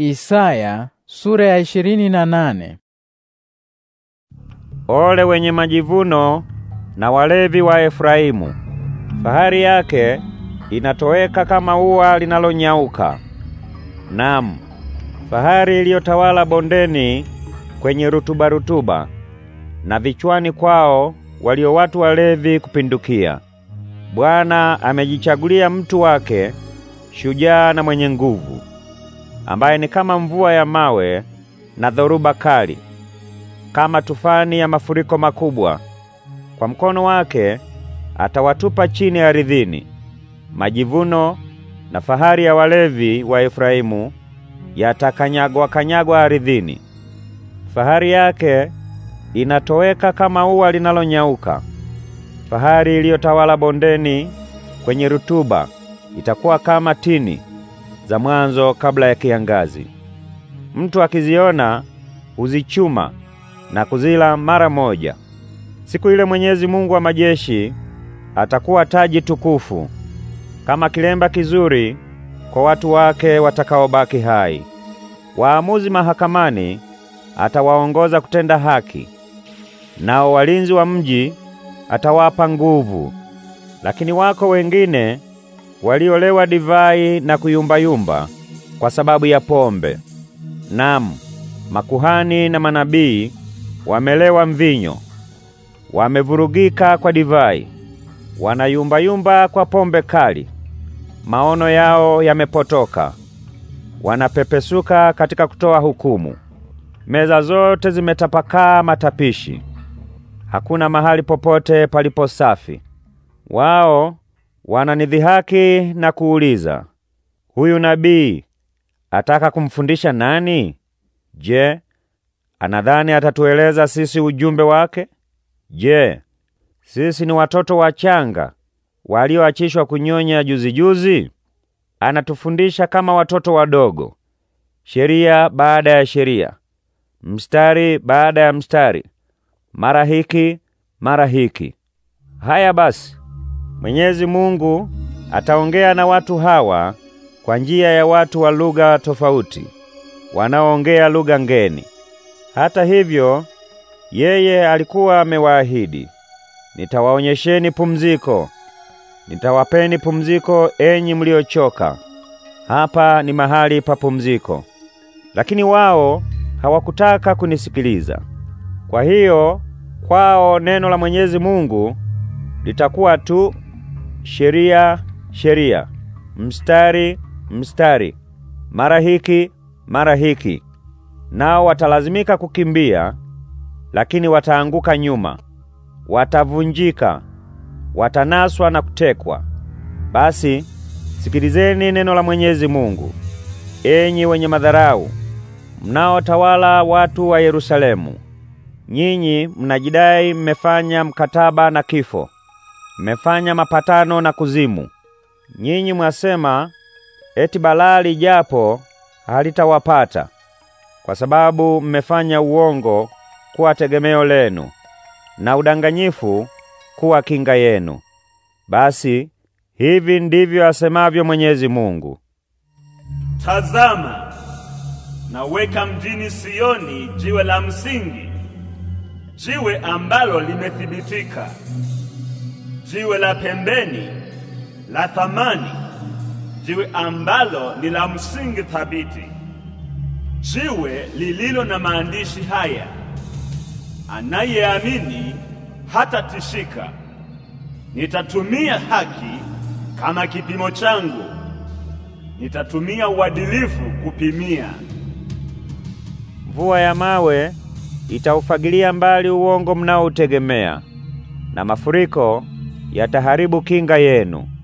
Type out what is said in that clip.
Isaya sura ya ishirini na nane. Ole wenye majivuno na walevi wa Efraimu, fahari yake inatoweka kama ua linalonyauka. Naam, fahari iliyotawala bondeni kwenye rutuba rutuba, na vichwani kwao walio watu walevi kupindukia. Bwana amejichagulia mtu wake shujaa na mwenye nguvu ambaye ni kama mvua ya mawe na dhoruba kali, kama tufani ya mafuriko makubwa. Kwa mkono wake atawatupa chini aridhini majivuno na fahari ya walevi wa Efraimu yatakanyagwa kanyagwa aridhini. Fahari yake inatoweka kama ua linalonyauka. Fahari iliyotawala bondeni kwenye rutuba itakuwa kama tini za mwanzo kabla ya kiangazi. Mtu akiziona huzichuma na kuzila mara moja. Siku ile Mwenyezi Mungu wa majeshi atakuwa taji tukufu kama kilemba kizuri kwa watu wake watakaobaki hai. Waamuzi mahakamani atawaongoza kutenda haki, nao walinzi wa mji atawapa nguvu. Lakini wako wengine waliolewa divai na kuyumbayumba kwa sababu ya pombe. Naam, makuhani na manabii wamelewa mvinyo, wamevurugika kwa divai, wanayumbayumba kwa pombe kali. Maono yao yamepotoka, wanapepesuka katika kutoa hukumu. Meza zote zimetapakaa matapishi, hakuna mahali popote palipo safi. Wao wananidhihaki na kuuliza, huyu nabii ataka kumfundisha nani? Je, anadhani atatueleza sisi ujumbe wake? Je, sisi ni watoto wachanga walioachishwa kunyonya juzi juzi? Anatufundisha kama watoto wadogo, sheria baada ya sheria, mstari baada ya mstari, mara hiki mara hiki. Haya basi, Mwenyezi Mungu ataongea na watu hawa kwa njia ya watu wa lugha tofauti wanaoongea lugha ngeni. Hata hivyo, yeye alikuwa amewaahidi, nitawaonyesheni pumziko, nitawapeni pumziko enyi mliochoka, hapa ni mahali pa pumziko. Lakini wao hawakutaka kunisikiliza. Kwa hiyo kwao neno la Mwenyezi Mungu litakuwa tu sheria sheria, mstari mstari, mara hiki mara hiki. Nao watalazimika kukimbia, lakini wataanguka nyuma, watavunjika, watanaswa na kutekwa. Basi sikilizeni neno la Mwenyezi Mungu, enyi wenye madharau mnaotawala watu wa Yerusalemu. Nyinyi mnajidai mmefanya mkataba na kifo mmefanya mapatano na kuzimu. Nyinyi mwasema eti balali japo halitawapata kwa sababu mmefanya uongo kuwa tegemeo lenu na udanganyifu kuwa kinga yenu. Basi hivi ndivyo asemavyo Mwenyezi Mungu: Tazama, naweka mjini Sioni jiwe la msingi, jiwe ambalo limethibitika jiwe la pembeni la thamani, jiwe ambalo ni la msingi thabiti, jiwe lililo na maandishi haya: anayeamini tishika nitatumia haki kama kipimo changu, nitatumia uadilifu kupimia. Mvua ya mawe itaufagilia mbali uongo mnaoutegemea na mafuriko yataharibu kinga yenu.